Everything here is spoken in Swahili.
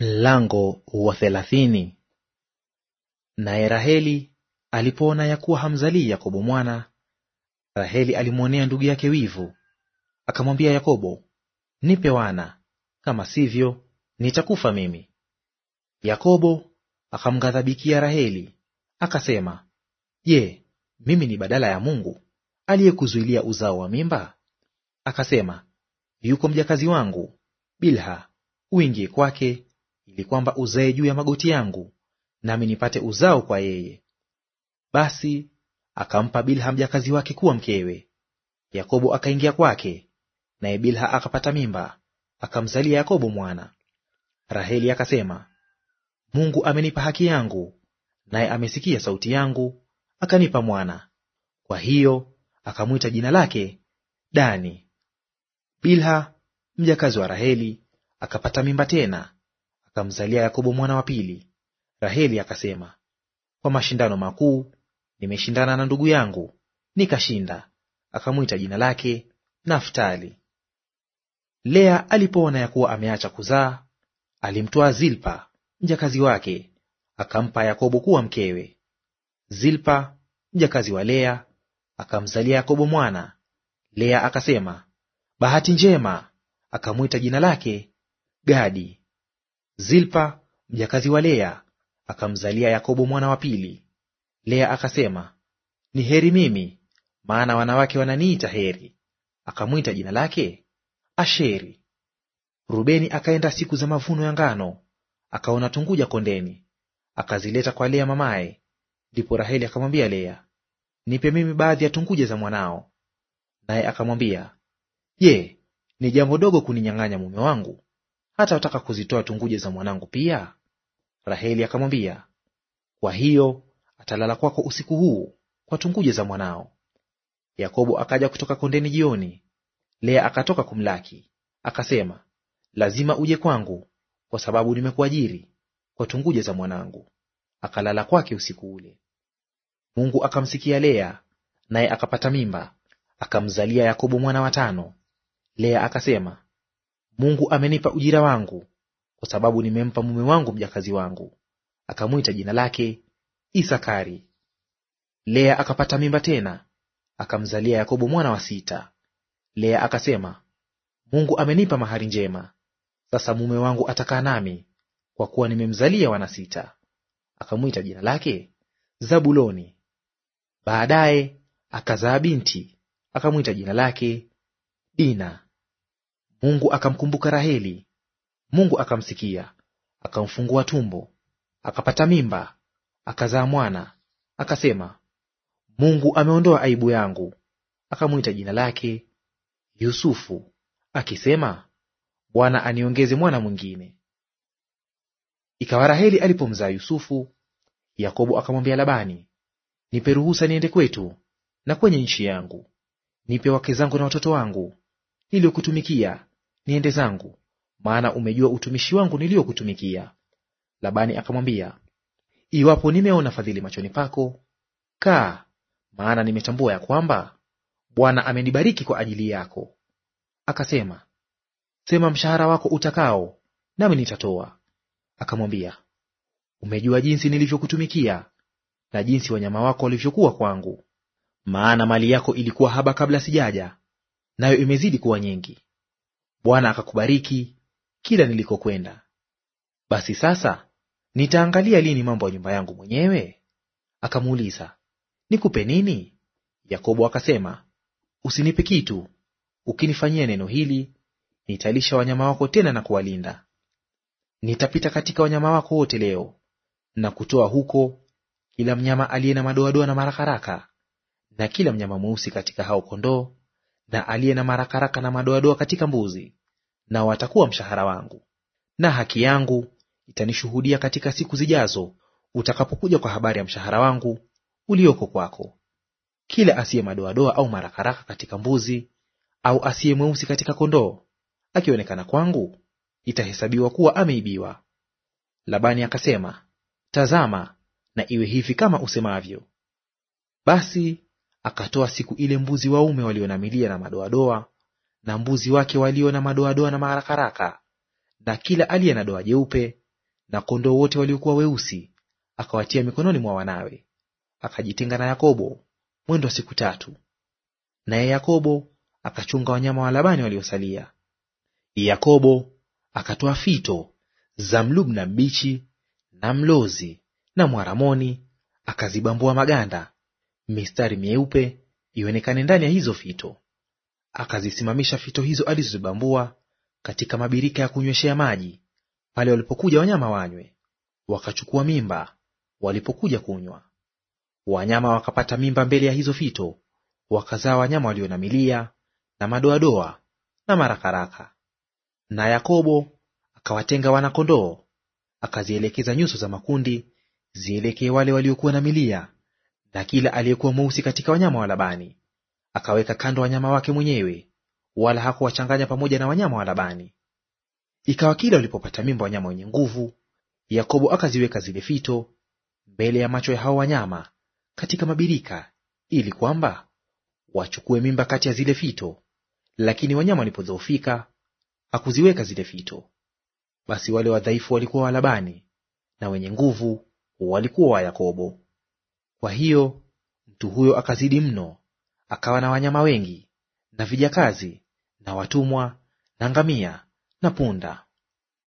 Mlango wa thelathini. Naye Raheli alipoona ya kuwa hamzalii Yakobo mwana, Raheli alimwonea ndugu yake wivu, akamwambia Yakobo, nipe wana, kama sivyo nitakufa mimi. Yakobo akamghadhabikia Raheli akasema, je, mimi ni badala ya Mungu aliyekuzuilia uzao wa mimba? Akasema, yuko mjakazi wangu Bilha, uingie kwake ili kwamba uzae juu ya magoti yangu, nami nipate uzao kwa yeye. Basi akampa Bilha mjakazi wake kuwa mkewe. Yakobo akaingia kwake, naye Bilha akapata mimba, akamzalia Yakobo mwana. Raheli akasema, Mungu amenipa haki yangu, naye amesikia sauti yangu, akanipa mwana. Kwa hiyo akamwita jina lake Dani. Bilha mjakazi wa Raheli akapata mimba tena, akamzalia Yakobo mwana wa pili. Raheli akasema, kwa mashindano makuu nimeshindana na ndugu yangu nikashinda, akamwita jina lake Naftali. Lea alipoona ya kuwa ameacha kuzaa, alimtoa Zilpa mjakazi wake, akampa Yakobo kuwa mkewe. Zilpa mjakazi wa Lea akamzalia Yakobo mwana. Lea akasema, bahati njema, akamwita jina lake Gadi. Zilpa mjakazi wa Lea akamzalia Yakobo mwana wa pili. Lea akasema, ni heri mimi, maana wanawake wananiita heri. Akamwita jina lake Asheri. Rubeni akaenda siku za mavuno ya ngano, akaona tunguja kondeni, akazileta kwa Lea mamaye. Ndipo Raheli akamwambia Lea, nipe mimi baadhi ya tunguja za mwanao. Naye akamwambia, je, ni jambo dogo kuninyang'anya mume wangu? hata wataka kuzitoa tunguje za mwanangu pia? Raheli akamwambia, kwa hiyo atalala kwako usiku huu kwa tunguje za mwanao. Yakobo akaja kutoka kondeni jioni, Lea akatoka kumlaki. Akasema, lazima uje kwangu, kwa sababu nimekuajiri kwa tunguje za mwanangu. Akalala kwake usiku ule. Mungu akamsikia Lea, naye akapata mimba, akamzalia Yakobo mwana wa tano. Lea akasema, Mungu amenipa ujira wangu, kwa sababu nimempa mume wangu mjakazi wangu. Akamwita jina lake Isakari. Lea akapata mimba tena, akamzalia Yakobo mwana wa sita. Lea akasema, Mungu amenipa mahari njema, sasa mume wangu atakaa nami, kwa kuwa nimemzalia wana sita. Akamwita jina lake Zabuloni. Baadaye akazaa binti, akamwita jina lake Dina. Mungu akamkumbuka Raheli, Mungu akamsikia, akamfungua tumbo, akapata mimba, akazaa mwana. Akasema, Mungu ameondoa aibu yangu. Akamwita jina lake Yusufu, akisema, Bwana aniongeze mwana mwingine. Ikawa Raheli alipomzaa Yusufu, Yakobo akamwambia Labani, nipe ruhusa niende kwetu na kwenye nchi yangu, nipe wake zangu na watoto wangu niliyokutumikia niende zangu, maana umejua utumishi wangu niliyokutumikia. Labani akamwambia, iwapo nimeona fadhili machoni pako, kaa, maana nimetambua ya kwamba Bwana amenibariki kwa ajili yako. Akasema, sema mshahara wako utakao, nami nitatoa. Akamwambia, umejua jinsi nilivyokutumikia na jinsi wanyama wako walivyokuwa kwangu, maana mali yako ilikuwa haba kabla sijaja, nayo imezidi kuwa nyingi. Bwana akakubariki kila nilikokwenda. Basi sasa nitaangalia lini mambo ya nyumba yangu mwenyewe? Akamuuliza, nikupe nini? Yakobo akasema, usinipe kitu. Ukinifanyia neno hili, nitalisha wanyama wako tena na kuwalinda. Nitapita katika wanyama wako wote leo na kutoa huko kila mnyama aliye na madoadoa na marakaraka na kila mnyama mweusi katika hao kondoo na aliye na marakaraka na madoadoa katika mbuzi, nao watakuwa mshahara wangu. Na haki yangu itanishuhudia katika siku zijazo, utakapokuja kwa habari ya mshahara wangu ulioko kwako. Kila asiye madoadoa au marakaraka katika mbuzi au asiye mweusi katika kondoo akionekana kwangu, itahesabiwa kuwa ameibiwa. Labani akasema, Tazama, na iwe hivi kama usemavyo. Basi Akatoa siku ile mbuzi waume walio na milia na madoadoa, na mbuzi wake walio na madoadoa na marakaraka, na kila aliye na doa jeupe, na kondoo wote waliokuwa weusi, akawatia mikononi mwa wanawe. Akajitenga na Yakobo mwendo wa siku tatu, naye Yakobo akachunga wanyama wa Labani waliosalia. Yakobo akatoa fito za mlubna mbichi na mlozi na mwaramoni, akazibambua maganda mistari mieupe ionekane ndani ya hizo fito. Akazisimamisha fito hizo alizozibambua katika mabirika ya kunyweshea maji, pale walipokuja wanyama wanywe. Wakachukua mimba walipokuja kunywa. Wanyama wakapata mimba mbele ya hizo fito, wakazaa wanyama walio na milia na madoadoa na marakaraka. Na Yakobo akawatenga wanakondoo, akazielekeza nyuso za makundi zielekee wale waliokuwa na milia na kila aliyekuwa mweusi katika wanyama wa Labani akaweka kando wanyama wake mwenyewe, wala hakuwachanganya pamoja na wanyama wa Labani. Ikawa kila walipopata mimba wanyama wenye nguvu, Yakobo akaziweka zile fito mbele ya macho ya hao wanyama katika mabirika, ili kwamba wachukue mimba kati ya zile fito. Lakini wanyama walipodhoofika, hakuziweka zile fito. Basi wale wadhaifu walikuwa wa Labani, na wenye nguvu walikuwa wa Yakobo. Kwa hiyo mtu huyo akazidi mno, akawa na wanyama wengi na vijakazi na watumwa na ngamia na punda.